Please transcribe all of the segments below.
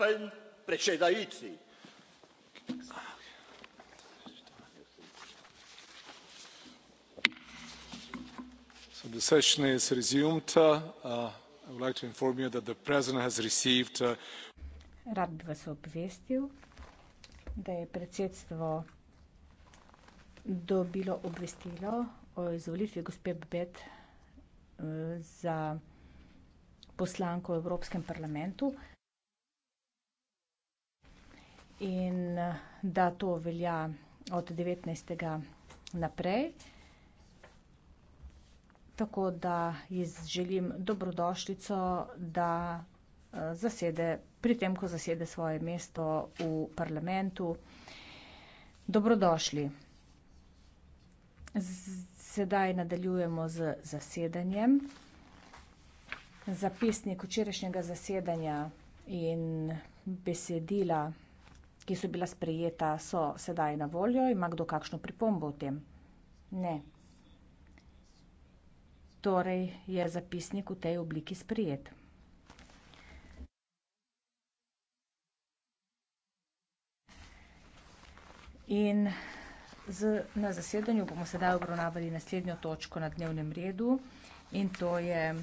gospod predsedujoči so the session is resumed uh, i would like to inform you that the president has received uh, rad bi vas obvestil da je predsedstvo dobilo obvestilo o izvolitvi gospe Bett uh, za poslanko v evropskem parlamentu in da to velja od 19. naprej. Tako da jaz želim dobrodošlico, da zasede, pri tem, ko zasede svoje mesto v parlamentu. Dobrodošli. Sedaj nadaljujemo z zasedanjem. Zapisnik včerajšnjega zasedanja in besedila ki so bila sprejeta, so sedaj na voljo. Ima kdo kakšno pripombo o tem? Ne. Torej je zapisnik v tej obliki sprejet. In z, na zasedanju bomo sedaj obravnavali naslednjo točko na dnevnem redu in to je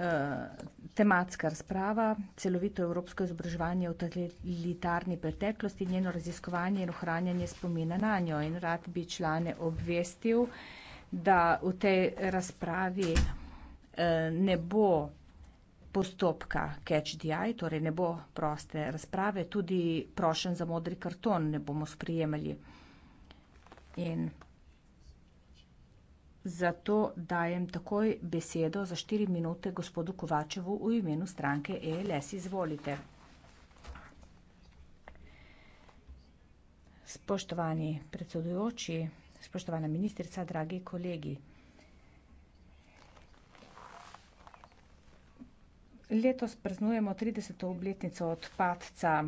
Eh, tematska razprava, celovito evropsko izobraževanje v totalitarni preteklosti, njeno raziskovanje in ohranjanje spomina na njo. In rad bi člane obvestil, da v tej razpravi eh, ne bo postopka catch the eye, torej ne bo proste razprave, tudi prošen za modri karton ne bomo sprijemali. In Zato dajem takoj besedo za štiri minute gospodu Kovačevu v imenu stranke ELS. Izvolite. Spoštovani predsedujoči, spoštovana ministrica, dragi kolegi. Letos praznujemo trideseto obletnico od padca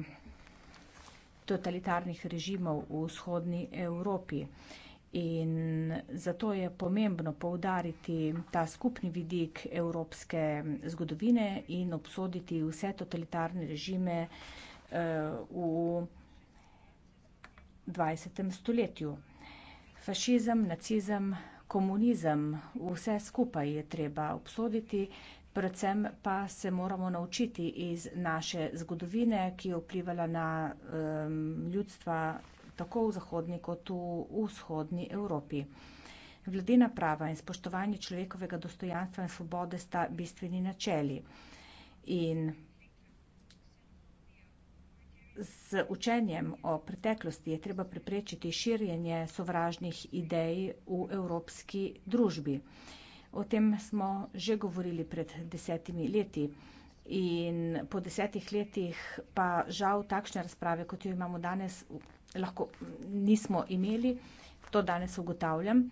totalitarnih režimov v vzhodni Evropi. In zato je pomembno poudariti ta skupni vidik evropske zgodovine in obsoditi vse totalitarne režime eh, v 20. stoletju. Fašizem, nacizem, komunizem, vse skupaj je treba obsoditi, predvsem pa se moramo naučiti iz naše zgodovine, ki je vplivala na eh, ljudstva tako v zahodni kot v vzhodni Evropi. Vladina prava in spoštovanje človekovega dostojanstva in svobode sta bistveni načeli. In z učenjem o preteklosti je treba preprečiti širjenje sovražnih idej v evropski družbi. O tem smo že govorili pred desetimi leti in po desetih letih pa žal takšne razprave, kot jo imamo danes, lahko nismo imeli, to danes ugotavljam.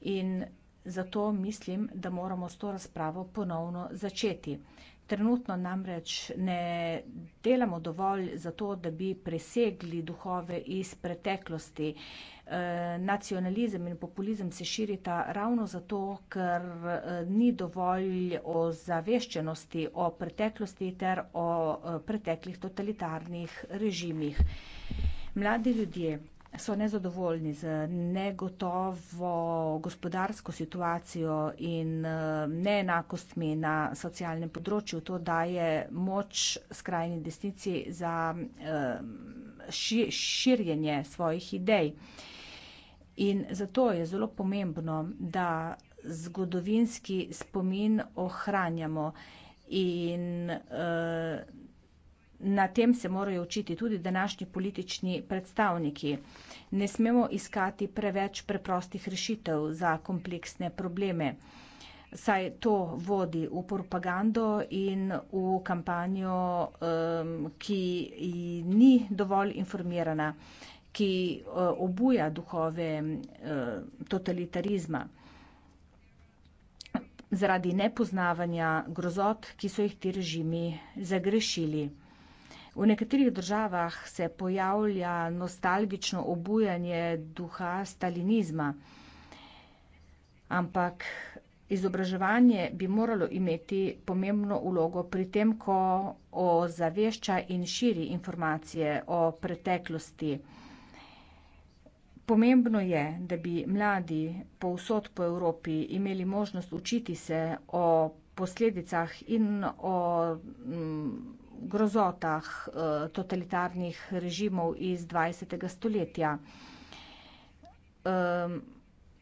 In zato mislim, da moramo s to razpravo ponovno začeti. Trenutno namreč ne delamo dovolj za to, da bi presegli duhove iz preteklosti. E, nacionalizem in populizem se širita ravno zato, ker e, ni dovolj o zaveščenosti o preteklosti ter o e, preteklih totalitarnih režimih. E, Mladi ljudje so nezadovoljni z negotovo gospodarsko situacijo in eh, neenakostmi na socialnem področju. To daje moč skrajni desnici za eh, širjenje svojih idej. In zato je zelo pomembno, da zgodovinski spomin ohranjamo in eh, na tem se morajo učiti tudi današnji politični predstavniki. Ne smemo iskati preveč preprostih rešitev za kompleksne probleme, saj to vodi v propagando in v kampanjo, ki ni dovolj informirana, ki e, obuja duhove e, totalitarizma zaradi nepoznavanja grozot, ki so jih ti režimi zagrešili. V nekaterih državah se pojavlja nostalgično obujanje duha stalinizma, ampak izobraževanje bi moralo imeti pomembno ulogo pri tem, ko ozavešča in širi informacije o preteklosti. Pomembno je, da bi mladi povsod po Evropi imeli možnost učiti se o posledicah in o mm, grozotah eh, totalitarnih režimov iz 20. stoletja.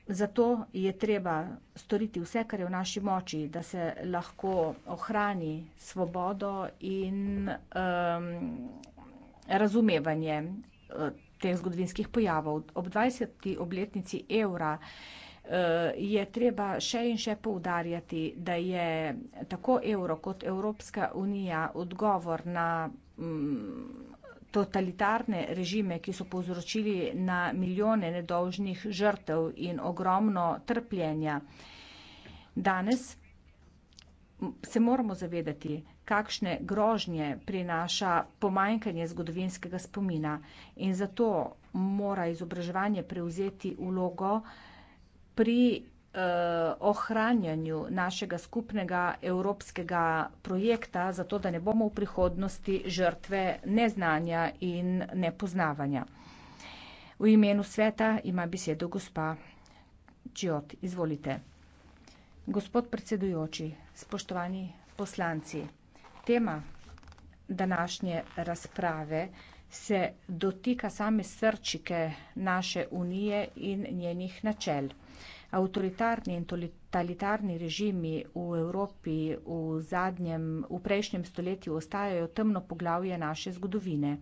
Zato je treba storiti vse, kar je v naši moči, da se lahko ohrani svobodo in um, razumevanje uh, teh zgodovinskih pojavov. Ob 20. obletnici evra uh, Eh, je treba še in še poudarjati, da je tako evro kot Evropska unija odgovor na mm, totalitarne režime, ki so povzročili na milijone nedolžnih žrtev in ogromno trpljenja. Danes se moramo zavedati, kakšne grožnje prinaša pomanjkanje zgodovinskega spomina in zato mora izobraževanje prevzeti vlogo, pri uh, ohranjanju našega skupnega evropskega projekta, zato da ne bomo v prihodnosti žrtve neznanja in nepoznavanja. V imenu sveta ima besedo gospa Čiot. Izvolite. Gospod predsedujoči, spoštovani poslanci, tema današnje razprave se dotika same srčike naše unije in njenih načel. Avtoritarni in totalitarni režimi v Evropi v, zadnjem, v prejšnjem stoletju ostajajo temno poglavje naše zgodovine.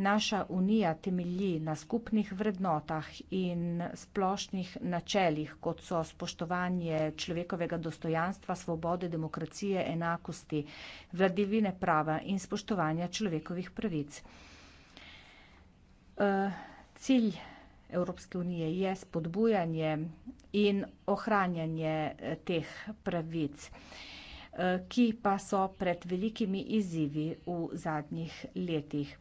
Naša unija temelji na skupnih vrednotah in splošnih načeljih, kot so spoštovanje človekovega dostojanstva, svobode, demokracije, enakosti, vladavine prava in spoštovanja človekovih pravic. Uh, cilj Evropske unije je spodbujanje in ohranjanje eh, teh pravic, eh, ki pa so pred velikimi izzivi v zadnjih letih.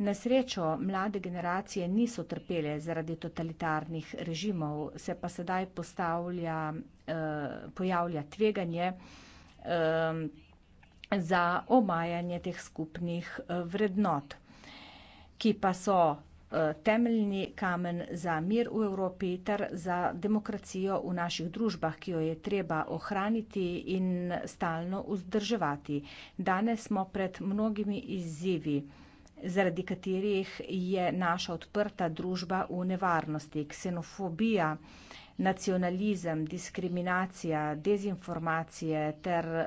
Na srečo mlade generacije niso trpele zaradi totalitarnih režimov, se pa sedaj postavlja, eh, pojavlja tveganje za omajanje teh skupnih vrednot, ki pa so Eh, temeljni kamen za mir v Evropi ter za demokracijo v naših družbah, ki jo je treba ohraniti in stalno vzdrževati. Danes smo pred mnogimi izzivi zaradi katerih je naša odprta družba v nevarnosti. Ksenofobija, nacionalizem, diskriminacija, dezinformacije ter e,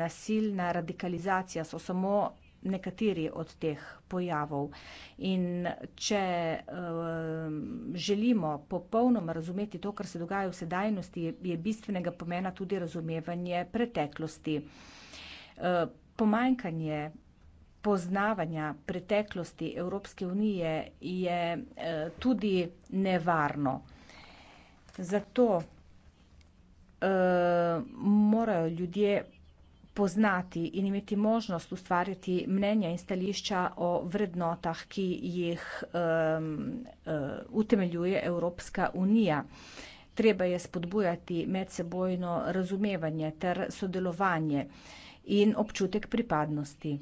nasilna radikalizacija so samo nekateri od teh pojavov. In če um, želimo popolnoma razumeti to, kar se dogaja v sedajnosti, je bistvenega pomena tudi razumevanje preteklosti. Uh, pomanjkanje poznavanja preteklosti Evropske unije je uh, tudi nevarno. Zato uh, morajo ljudje poznati in imeti možnost ustvarjati mnenja in stališča o vrednotah, ki jih um, uh, utemeljuje Evropska unija. Treba je spodbujati medsebojno razumevanje ter sodelovanje in občutek pripadnosti.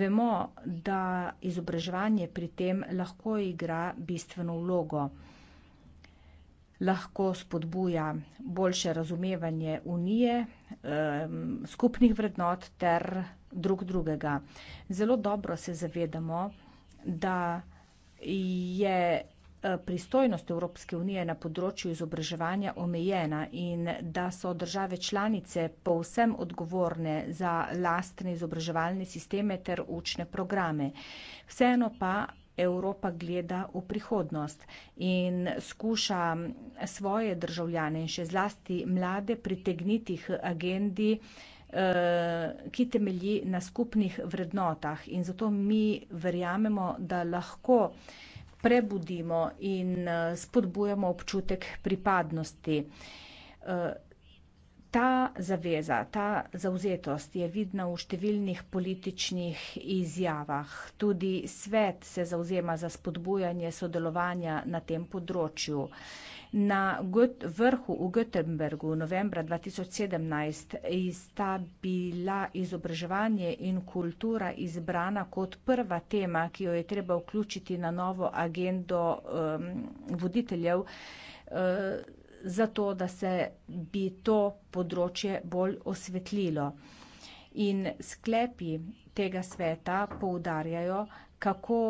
Vemo, da izobraževanje pri tem lahko igra bistveno vlogo lahko spodbuja boljše razumevanje unije, skupnih vrednot ter drug drugega. Zelo dobro se zavedamo, da je eh, pristojnost Evropske unije na področju izobraževanja omejena in da so države članice povsem odgovorne za lastne izobraževalne sisteme ter učne programe. Vseeno pa Evropa gleda v prihodnost in skuša svoje državljane in še zlasti mlade pritegniti k agendi, eh, ki temelji na skupnih vrednotah. In zato mi verjamemo, da lahko prebudimo in eh, spodbujamo občutek pripadnosti. Eh, Ta zaveza, ta zauzetost je vidna v številnih političnih izjavah. Tudi svet se zauzema za spodbujanje sodelovanja na tem področju. Na vrhu v Göteborgu novembra 2017 sta bila izobraževanje in kultura izbrana kot prva tema, ki jo je treba vključiti na novo agendo um, voditeljev. Uh, zato, da se bi to področje bolj osvetlilo. In sklepi tega sveta poudarjajo, kako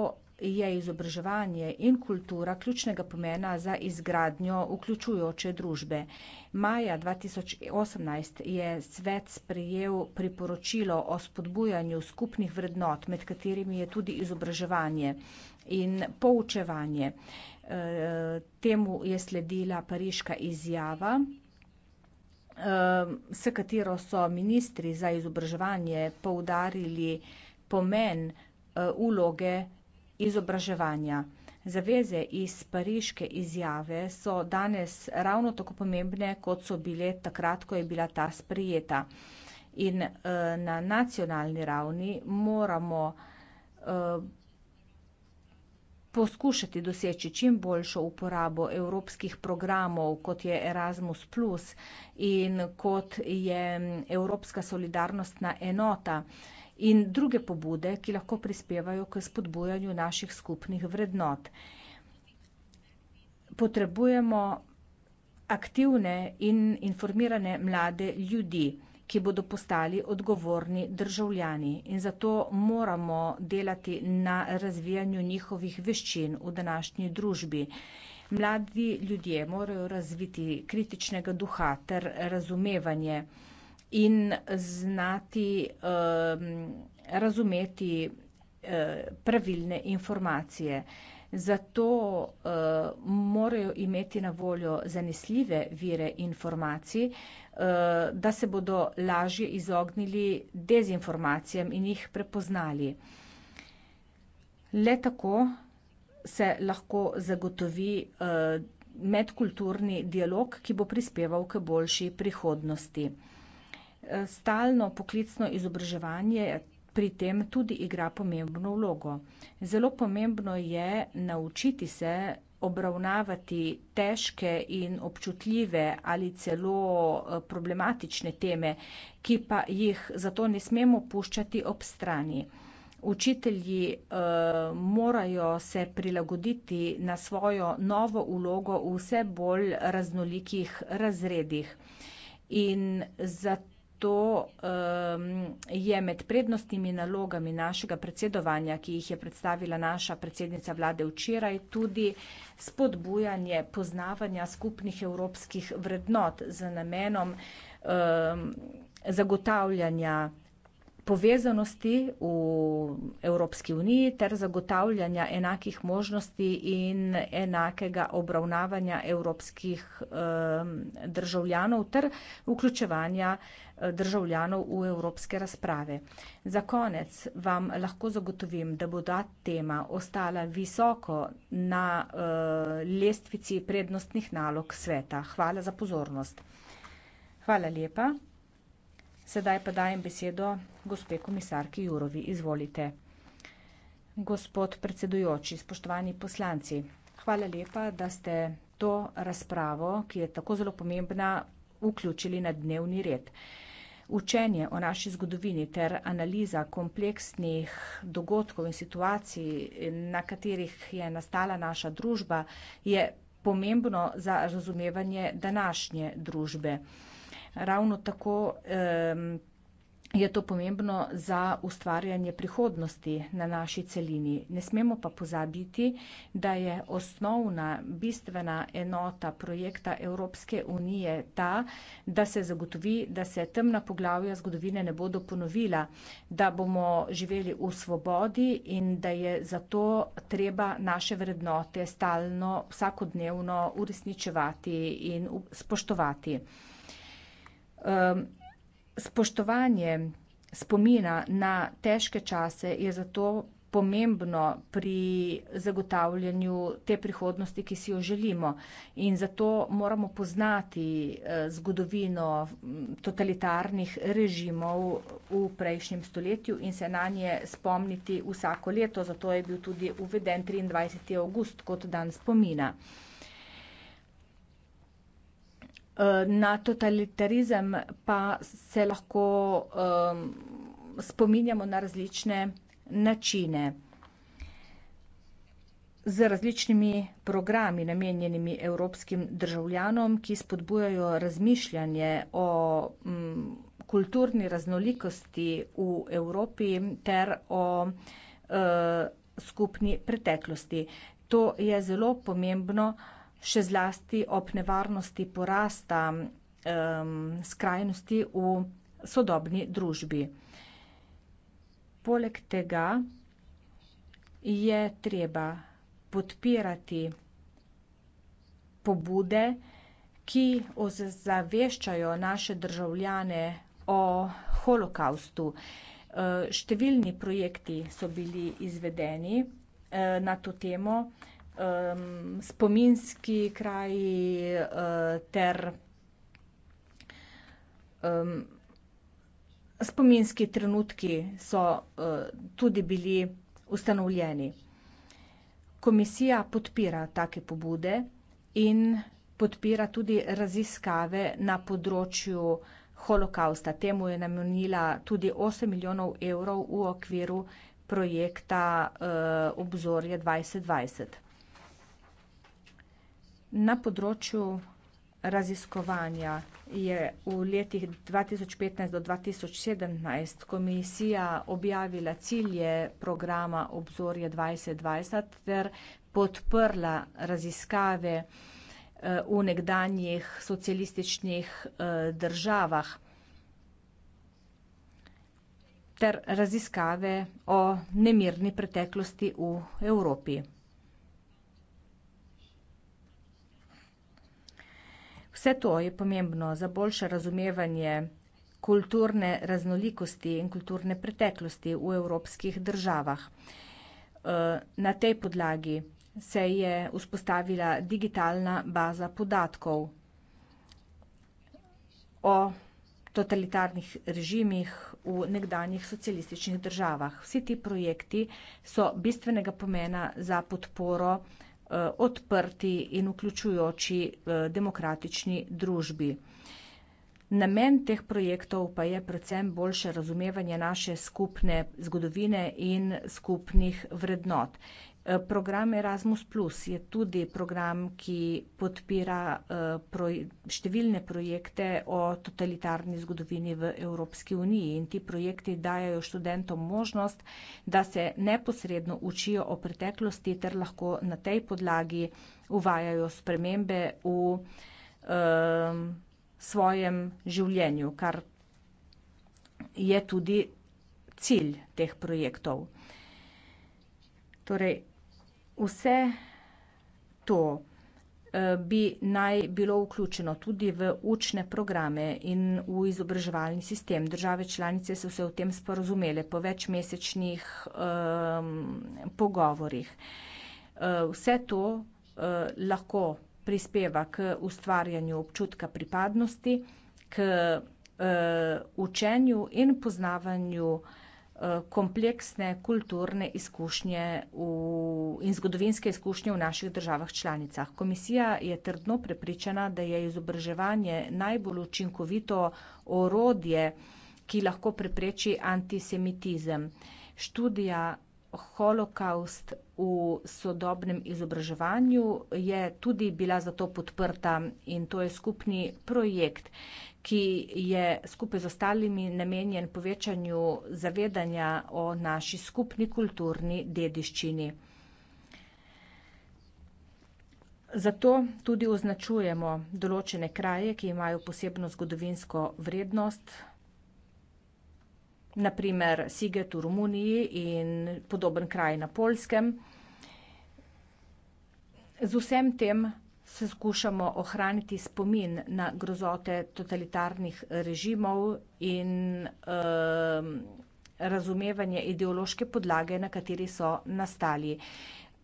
je izobraževanje in kultura ključnega pomena za izgradnjo vključujoče družbe. Maja 2018 je svet sprejel priporočilo o spodbujanju skupnih vrednot, med katerimi je tudi izobraževanje in poučevanje. E, temu je sledila pariška izjava e, s katero so ministri za izobraževanje poudarili pomen e, uloge izobraževanja. Zaveze iz pariške izjave so danes ravno tako pomembne, kot so bile takrat, ko je bila ta sprijeta. In eh, na nacionalni ravni moramo eh, poskušati doseči čim boljšo uporabo evropskih programov, kot je Erasmus, in kot je mm, Evropska solidarnostna enota. Eh, in druge pobude, ki lahko prispevajo k spodbujanju naših skupnih vrednot. Potrebujemo aktivne in informirane mlade ljudi, ki bodo postali odgovorni državljani in zato moramo delati na razvijanju njihovih veščin v današnji družbi. Mladi ljudje morajo razviti kritičnega duha ter razumevanje in znati um, razumeti um, pravilne informacije. Zato uh, morajo imeti na voljo zanesljive vire informacij, uh, da se bodo lažje izognili dezinformacijam in jih prepoznali. Le tako se lahko zagotovi uh, medkulturni dialog, ki bo prispeval k boljši prihodnosti stalno poklicno izobraževanje pri tem tudi igra pomembno vlogo. Zelo pomembno je naučiti se obravnavati težke in občutljive ali celo eh, problematične teme, ki pa jih zato ne smemo puščati ob strani. Učitelji eh, morajo se prilagoditi na svojo novo vlogo v vse bolj raznolikih razredih. In zato to um, je med prednostnimi nalogami našega predsedovanja, ki jih je predstavila naša predsednica vlade včeraj, tudi spodbujanje poznavanja skupnih evropskih vrednot z namenom um, zagotavljanja povezanosti v Evropski uniji ter zagotavljanja enakih možnosti in enakega obravnavanja evropskih um, državljanov ter vključevanja uh, državljanov v evropske razprave. Za konec vam lahko zagotovim, da bo ta tema ostala visoko na uh, lestvici prednostnih nalog sveta. Hvala za pozornost. Hvala lepa. Sedaj pa dajem besedo gospe komisarki Jurovi. Izvolite. Gospod predsedujoči, spoštovani poslanci, hvala lepa, da ste to razpravo, ki je tako zelo pomembna, vključili na dnevni red. Uh, učenje o naši zgodovini ter analiza kompleksnih dogodkov in situacij, na katerih je nastala naša družba, je pomembno za razumevanje današnje družbe. Ravno tako eh, je to pomembno za ustvarjanje prihodnosti na naši celini. Ne smemo pa pozabiti, da je osnovna bistvena enota projekta Evropske unije ta, da se zagotovi, da se temna poglavja zgodovine ne bodo ponovila, da bomo živeli v svobodi in da je zato treba naše vrednote stalno, vsakodnevno uresničevati in spoštovati. Um, spoštovanje spomina na težke čase je zato pomembno pri zagotavljanju te prihodnosti, ki si jo želimo. In zato moramo poznati eh, zgodovino totalitarnih režimov v prejšnjem stoletju in se na nje spomniti vsako leto. Zato je bil tudi uveden 23. avgust kot dan spomina. Na totalitarizem pa se lahko um, spominjamo na različne načine. Z različnimi programi, namenjenimi evropskim državljanom, ki spodbujajo razmišljanje o m, mm, kulturni raznolikosti v Evropi ter o e, skupni preteklosti. To je zelo pomembno še zlasti ob nevarnosti porasta um, skrajnosti v sodobni družbi. Poleg tega je treba podpirati pobude, ki ozaveščajo naše državljane o holokaustu. E, številni projekti so bili izvedeni e, na to temo um, spominski kraji uh, ter um, spominski trenutki so uh, tudi bili ustanovljeni. Komisija podpira take pobude in podpira tudi raziskave na področju holokausta. Temu je namenila tudi 8 milijonov evrov v okviru projekta uh, Obzorje 2020. Na področju raziskovanja je v letih 2015 do 2017 komisija objavila cilje programa Obzorje 2020 ter podprla raziskave eh, v nekdanjih socialističnih eh, državah ter raziskave o nemirni preteklosti v Evropi. Vse to je pomembno za boljše razumevanje kulturne raznolikosti in kulturne preteklosti v evropskih državah. Eh, na tej podlagi se je vzpostavila digitalna baza podatkov o totalitarnih režimih v nekdanjih socialističnih državah. Vsi ti projekti so bistvenega pomena za podporo Eh, odprti in vključujoči eh, demokratični družbi. Namen teh projektov pa je predvsem boljše razumevanje naše skupne zgodovine in skupnih vrednot. Eh, program Erasmus Plus je tudi program, ki podpira eh, številne projekte o totalitarni zgodovini v Evropski uniji in ti projekti dajajo študentom možnost, da se neposredno učijo o preteklosti ter lahko na tej podlagi uvajajo spremembe v ehm, svojem življenju, kar je tudi cilj teh projektov. Torej, vse to, eh, bi naj bilo vključeno tudi v učne programe in v izobraževalni sistem. Države članice so se v tem sporozumele po večmesečnih um, pogovorih. Eh, vse to uh, lahko prispeva k ustvarjanju občutka pripadnosti, k uh, učenju in poznavanju uh, Eh, kompleksne kulturne izkušnje v, in zgodovinske izkušnje v naših državah članicah. Komisija je trdno prepričana, da je izobraževanje najbolj učinkovito orodje, ki lahko prepreči antisemitizem. Študija holokaust v sodobnem izobraževanju je tudi bila zato podprta in to je skupni projekt, ki je skupaj z ostalimi namenjen povečanju zavedanja o naši skupni kulturni dediščini. Zato tudi označujemo določene kraje, ki imajo posebno zgodovinsko vrednost, naprimer Siget v Romuniji in podoben kraj na Polskem. Z vsem tem se skušamo ohraniti spomin na grozote totalitarnih režimov in um, razumevanje ideološke podlage, na kateri so nastali.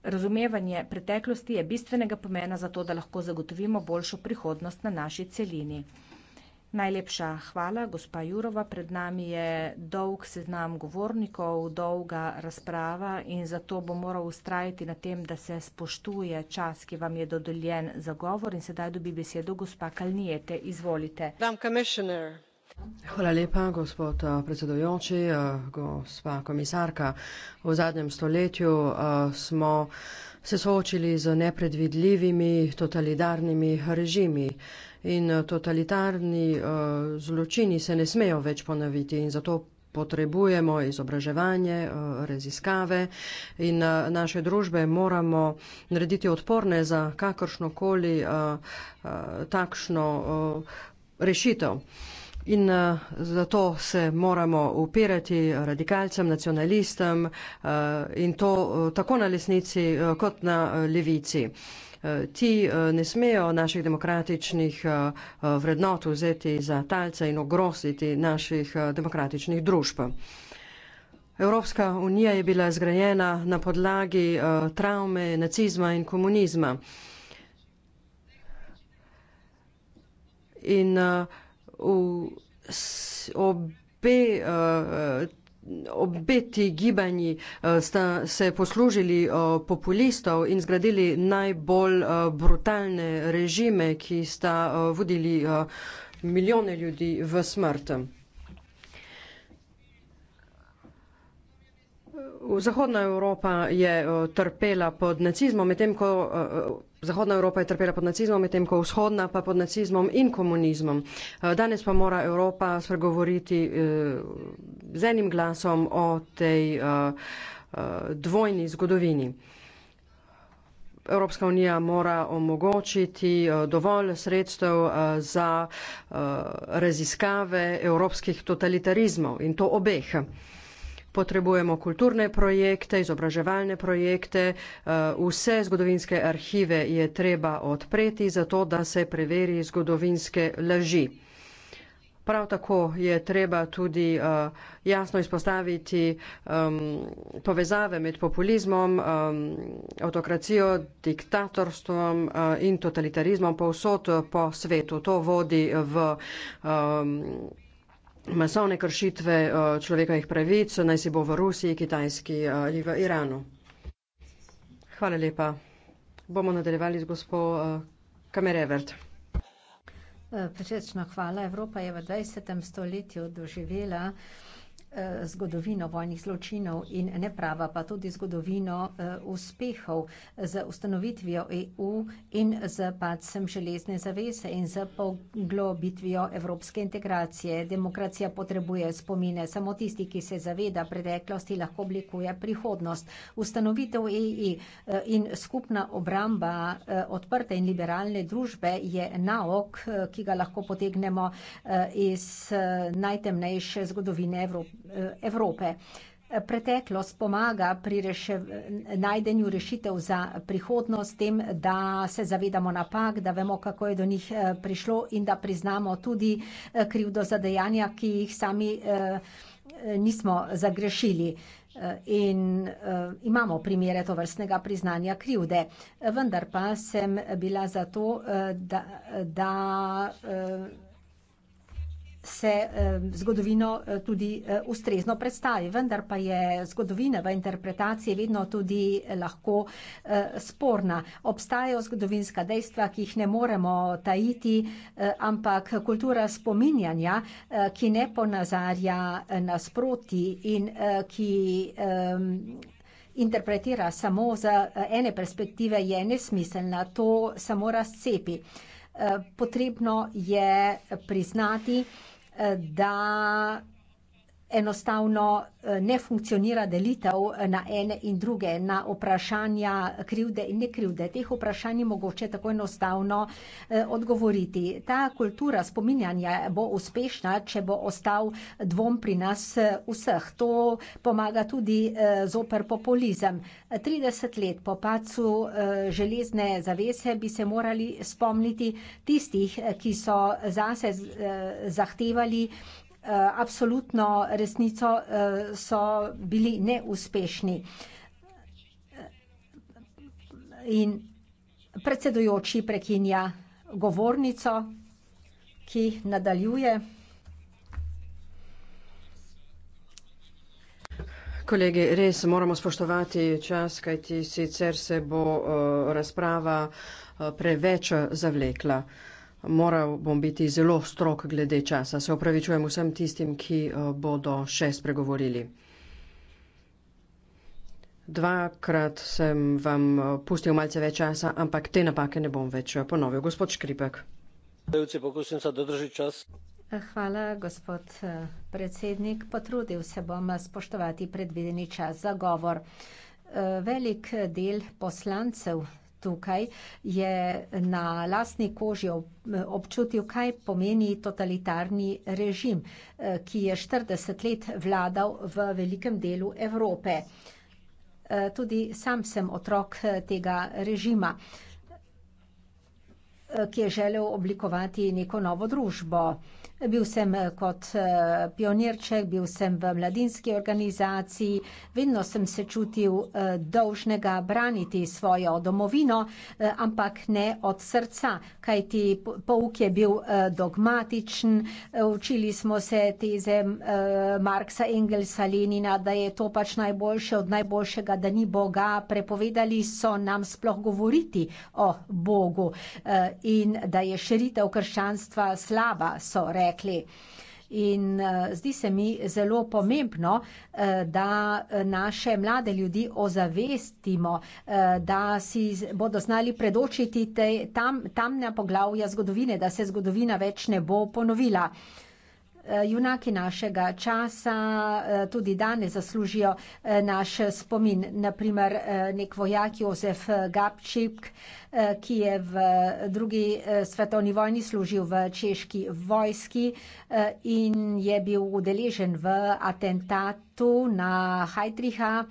Razumevanje preteklosti je bistvenega pomena za to, da lahko zagotovimo boljšo prihodnost na naši celini. Najlepša hvala, gospa Jurova. Pred nami je dolg seznam govornikov, dolga razprava in zato bo moral ustrajiti na tem, da se spoštuje čas, ki vam je dodeljen za govor. In sedaj dobi besedo gospa Kalnijete. Izvolite. Hvala lepa, gospod eh, predsedojoči, eh, gospa komisarka. V zadnjem stoletju eh, smo se soočili z nepredvidljivimi totalitarnimi režimi in eh, totalitarni eh, zločini se ne smejo več ponoviti in zato potrebujemo izobraževanje, eh, raziskave in naše družbe moramo narediti odporne za kakršnokoli takšno rešitev. In zato se moramo upirati radikalcem, nacionalistom in to tako na lesnici kot na levici. Eh, ti eh, ne smejo naših demokratičnih eh, vrednot vzeti za talce in ogrositi naših demokratičnih družb. Evropska unija je bila zgrajena na podlagi travme nacizma in komunizma. In v obe obe ti gibanji eh, sta se poslužili eh, populistov in zgradili najbolj eh, brutalne režime, ki sta vodili milijone ljudi v smrt. Zahodna Evropa je eh, trpela pod nacizmom, medtem ko eh, Zahodna Evropa je trpela pod nacizmom, medtem ko vzhodna pa pod nacizmom in komunizmom. Eh, danes pa mora Evropa spregovoriti z enim glasom o tej dvojni zgodovini. Evropska unija mora omogočiti dovolj sredstev za raziskave evropskih totalitarizmov in to obeh potrebujemo kulturne projekte, izobraževalne projekte, eh, vse zgodovinske arhive je treba odpreti, zato da se preveri zgodovinske laži. Prav tako je treba tudi uh, jasno izpostaviti um, povezave med populizmom, um, ehm, autokracijo, diktatorstvom uh, in totalitarizmom povsod po svetu. To vodi v um, masovne kršitve eh, človekovih pravic, naj si bo v Rusiji, Kitajski eh, ali v Iranu. Hvala lepa. Bomo nadaljevali z gospod eh, Kamerevert. Presečno hvala. Evropa je v 20. stoletju doživela Eh, zgodovino vojnih zločinov in neprava, pa tudi zgodovino eh, uspehov z ustanovitvijo EU in z padcem železne zavese in z poglobitvijo evropske integracije. Demokracija potrebuje spomine. Samo tisti, ki se zaveda preteklosti, lahko oblikuje prihodnost. Ustanovitev EU eh, in skupna obramba odprte in liberalne družbe je naok, ki ga lahko potegnemo iz najtemnejše zgodovine Evrope. Eh, Evrope. Preteklost pomaga pri najdenju rešitev za prihodnost, tem, da se zavedamo napak, da vemo, kako je do njih eh, prišlo in da priznamo tudi eh, krivdo za dejanja, ki jih sami nismo zagrešili. In imamo primere to vrstnega priznanja krivde. Vendar pa sem bila za to, da, da se zgodovino eh, tudi eh, ustrezno predstavi, vendar pa je zgodovina v interpretaciji vedno tudi eh, lahko sporna. Obstajajo zgodovinska dejstva, ki jih ne moremo tajiti, ampak kultura spominjanja, ki ne ponazarja nasproti in ki interpretira samo z ene perspektive, je nesmiselna. To samo razcepi. Potrebno je priznati, da enostavno eh, ne funkcionira delitev na ene in druge, na vprašanja krivde in nekrivde. Teh vprašanj ni mogoče tako enostavno eh, odgovoriti. Ta kultura spominjanja bo uspešna, če bo ostal dvom pri nas eh, vseh. To pomaga tudi zoper populizem. 30 let po pacu železne zavese bi se morali spomniti tistih, ki so zase zahtevali Eh, absolutno resnico, eh, so bili neuspešni. In predsedujoči prekinja govornico, ki nadaljuje. Kolegi, res moramo spoštovati čas, kajti sicer se bo eh, razprava preveč zavlekla. Moral bom biti zelo strok glede časa. Se opravičujem vsem tistim, ki eh, bodo še spregovorili. Dvakrat sem vam eh, pustil malce več časa, ampak te napake ne bom več eh, ponovil. Gospod Škripek. Hvala, gospod predsednik. Potrudil se bom spoštovati predvideni čas za govor. Velik del poslancev tukaj je na lastni koži občutil, kaj pomeni totalitarni režim, eh, ki je 40 let vladal v velikem delu Evrope. Eh, tudi sam sem otrok eh, tega režima ki je želel oblikovati neko novo družbo. Bil sem eh, kot eh, pionirček, bil sem v mladinski organizaciji, vedno sem se čutil eh, dolžnega braniti svojo domovino, ampak ne od srca, kajti pouk je bil dogmatičen, učili smo se teze Marksa, Engelsa, Lenina, da je to pač najboljše od najboljšega, da ni Boga, prepovedali so nam sploh govoriti o Bogu in da je širitev krščanstva slaba, so rekli. In eh, zdi se mi zelo pomembno, eh, da naše mlade ljudi ozavestimo, eh, da si bodo znali predočiti te, tam, tamna poglavja zgodovine, da se zgodovina več ne bo ponovila. Eh, junaki našega časa eh, tudi danes zaslužijo eh, naš spomin. Naprimer nek vojak Jozef Gabčik, ki je v drugi svetovni vojni služil v češki vojski in je bil udeležen v atentatu na Heidricha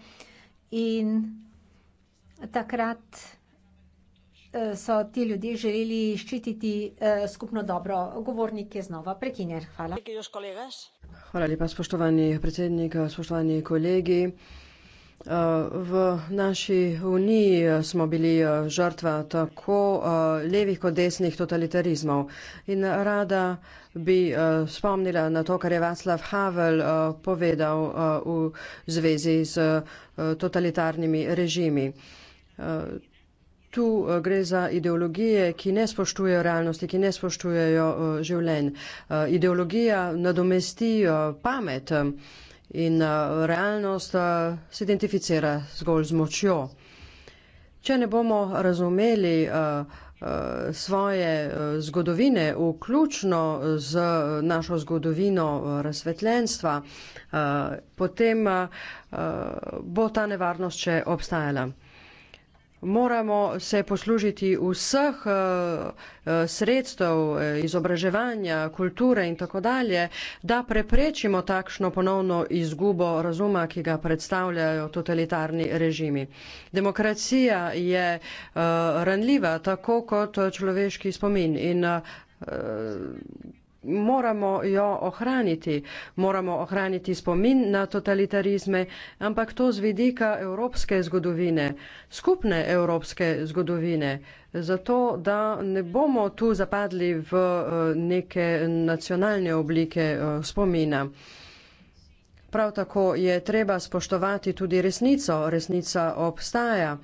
in takrat Eh, so ti ljudje želeli ščititi eh, skupno dobro. Govornik je znova prekinjen. Hvala. Hvala lepa, spoštovani predsednik, spoštovani kolegi. Eh, v naši uniji smo bili žrtva tako levih kot desnih totalitarizmov in rada bi spomnila na to, kar je Václav Havel povedal v zvezi z totalitarnimi režimi tu eh, gre za ideologije, ki ne spoštujejo realnosti, ki ne spoštujejo eh, življenj. Eh, ideologija nadomesti pamet in realnost se identificira zgolj z močjo. Če ne bomo razumeli svoje zgodovine, vključno z našo zgodovino razsvetljenstva, potem bo ta nevarnost še obstajala moramo se poslužiti vseh eh, eh, sredstev eh, izobraževanja, kulture in tako dalje, da preprečimo takšno ponovno izgubo razuma, ki ga predstavljajo totalitarni režimi. Demokracija je ranljiva, tako kot človeški spomin in moramo jo ohraniti, moramo ohraniti spomin na totalitarizme, ampak to z vidika evropske zgodovine, skupne evropske zgodovine, zato da ne bomo tu zapadli v eh, neke nacionalne oblike eh, spomina. Prav tako je treba spoštovati tudi resnico, resnica obstaja.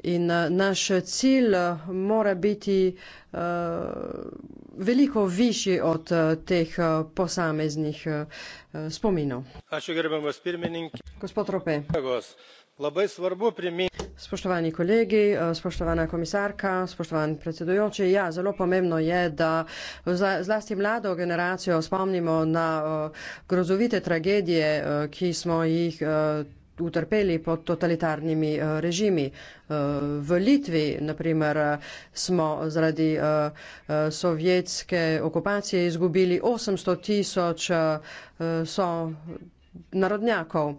In eh, naš cilj eh, mora biti uh, veliko višji od uh, teh uh, posameznih uh, spominov. Gospod Rope. Spoštovani kolegi, spoštovana komisarka, spoštovani predsedujoči, ja, zelo pomembno je, da zlasti mlado generacijo spomnimo na grozovite tragedije, ki smo jih utrpeli pod totalitarnimi eh, režimi. Eh, v Litvi, naprimer, smo zaradi eh, sovjetske okupacije izgubili 800 tisoč so narodnjakov.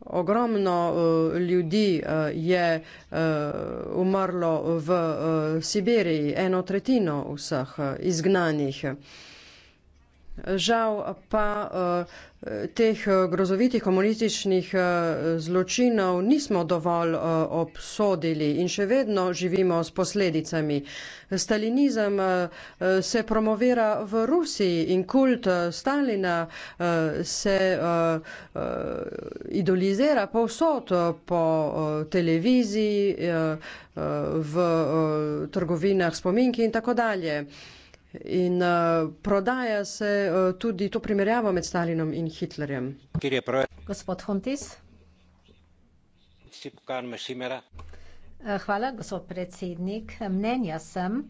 Ogromno ljudi je umrlo v Sibiriji, eno tretjino vseh izgnanih. Žal pa eh, teh eh, grozovitih komunističnih eh, zločinov nismo dovolj obsodili in še vedno živimo s posledicami. Stalinizem se promovira v Rusiji in kult Stalina se idolizira povsod po televiziji, v trgovinah spominki in tako dalje. In uh, prodaja se uh, tudi to primerjavo med Stalinom in Hitlerjem. Gospod Hontis. Eh, hvala, gospod predsednik. Mnenja sem,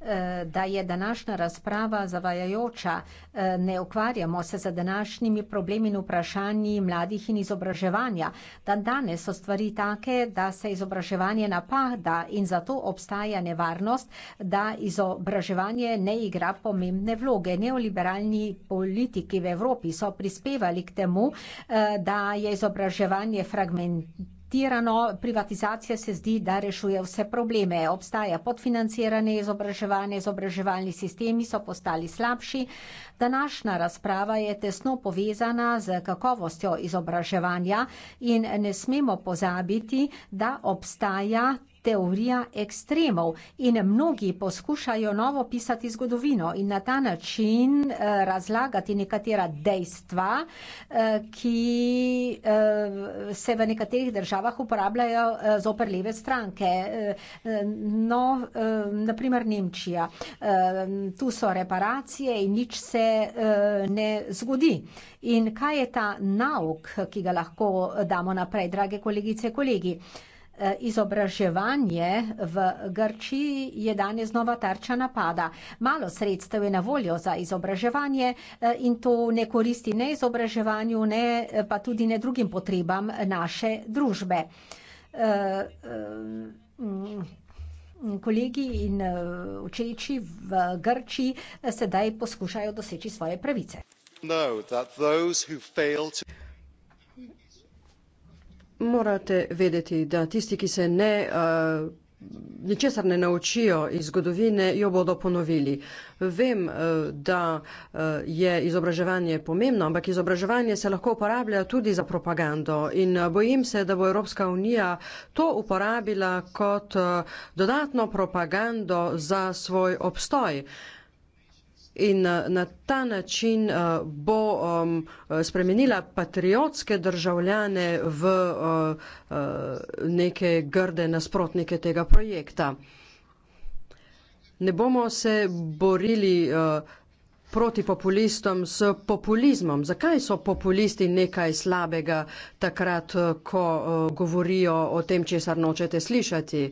Eh, da je današnja razprava zavajajoča. Eh, ne ukvarjamo se za današnjimi problemi in vprašanji mladih in izobraževanja. Dan danes so stvari take, da se izobraževanje napada in zato obstaja nevarnost, da izobraževanje ne igra pomembne vloge. Neoliberalni politiki v Evropi so prispevali k temu, eh, da je izobraževanje fragmentirano pretirano, privatizacija se zdi, da rešuje vse probleme. Obstaja podfinanciranje izobraževanja, izobraževalni sistemi so postali slabši. Današnja razprava je tesno povezana z kakovostjo izobraževanja in ne smemo pozabiti, da obstaja teorija ekstremov in mnogi poskušajo novo pisati zgodovino in na ta način eh, razlagati nekatera dejstva, eh, ki eh, se v nekaterih državah uporabljajo zoper leve stranke. No, naprimer Nemčija. Tu so reparacije in nič se ne zgodi. In kaj je ta nauk, ki ga lahko damo naprej, drage kolegice in kolegi? Izobraževanje v Grčiji je danes nova tarča napada. Malo sredstev je na voljo za izobraževanje eh, in to ne koristi ne izobraževanju, ne eh, pa tudi ne drugim potrebam naše družbe. Eh, mm, kolegi in učeči v Grčiji sedaj poskušajo doseči svoje pravice. No, morate vedeti, da tisti, ki se ne, uh, ničesar ne naučijo iz zgodovine, jo bodo ponovili. Vem, uh, da uh, je izobraževanje pomembno, ampak izobraževanje se lahko uporablja tudi za propagando in bojim se, da bo Evropska unija to uporabila kot uh, dodatno propagando za svoj obstoj. Uh, in eh, na ta način eh, bo um, eh, spremenila patriotske državljane v neke grde nasprotnike tega projekta. Ne bomo se borili uh, proti populistom s populizmom. Zakaj so populisti nekaj slabega takrat, ko eh, govorijo o tem, česar nočete slišati?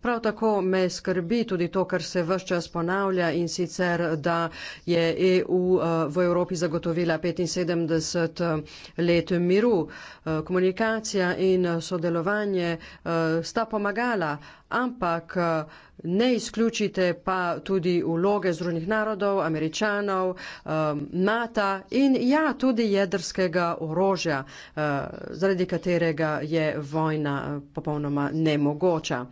Prav tako me skrbi tudi to, kar se vse čas ponavlja in sicer, da je EU eh, v Evropi zagotovila 75 eh, let miru. Komunikacija in sodelovanje sta pomagala, ampak Ne izključite pa tudi vloge Združenih narodov, američanov, um, NATO in ja, tudi jedrskega orožja, uh, zaradi katerega je vojna uh, popolnoma nemogoča.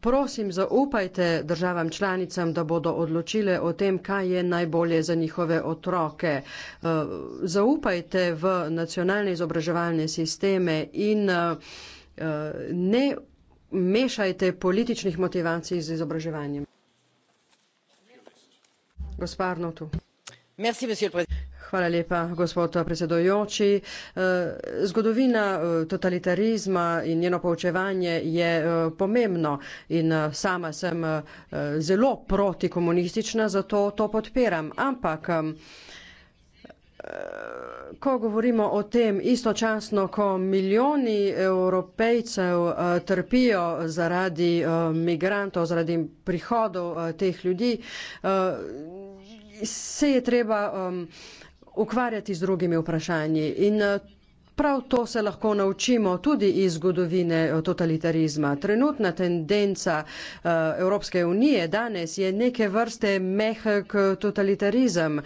Prosim, zaupajte državam članicam, da bodo odločile o tem, kaj je najbolje za njihove otroke. Uh, zaupajte v nacionalne izobraževalne sisteme in ne mešajte političnih motivacij z izobraževanjem. Gospa Arnotu. Merci, monsieur le président. Hvala lepa, gospod predsedojoči. Eh, zgodovina eh, totalitarizma in njeno poučevanje je eh, pomembno in sama sem zelo protikomunistična, zato to podpiram. Ampak Ko govorimo o tem, istočasno, ko milijoni evropejcev eh, trpijo zaradi eh, migrantov, zaradi prihodov eh, teh ljudi, se je treba ukvarjati z drugimi vprašanji. In Prav to se lahko naučimo tudi iz zgodovine totalitarizma. Trenutna tendenca eh, Evropske unije danes je neke vrste mehek totalitarizem. Eh,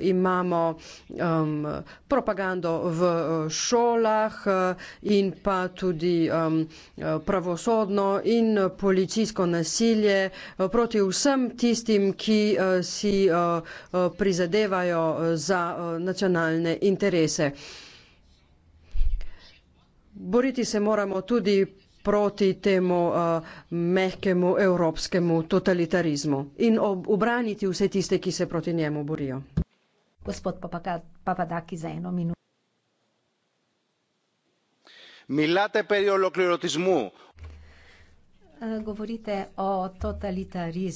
imamo um, propagando v eh, šolah in pa tudi um, pravosodno in policijsko nasilje proti vsem tistim, ki si uh, prizadevajo za nacionalne interese. Boriti se moramo tudi proti temu uh, mehkemu evropskemu totalitarizmu in obraniti vse tiste, ki se proti njemu borijo. Gospod Papadaki, za eno minuto. Milate periodo klerotizmu. Eh, govorite o totalitarizmu.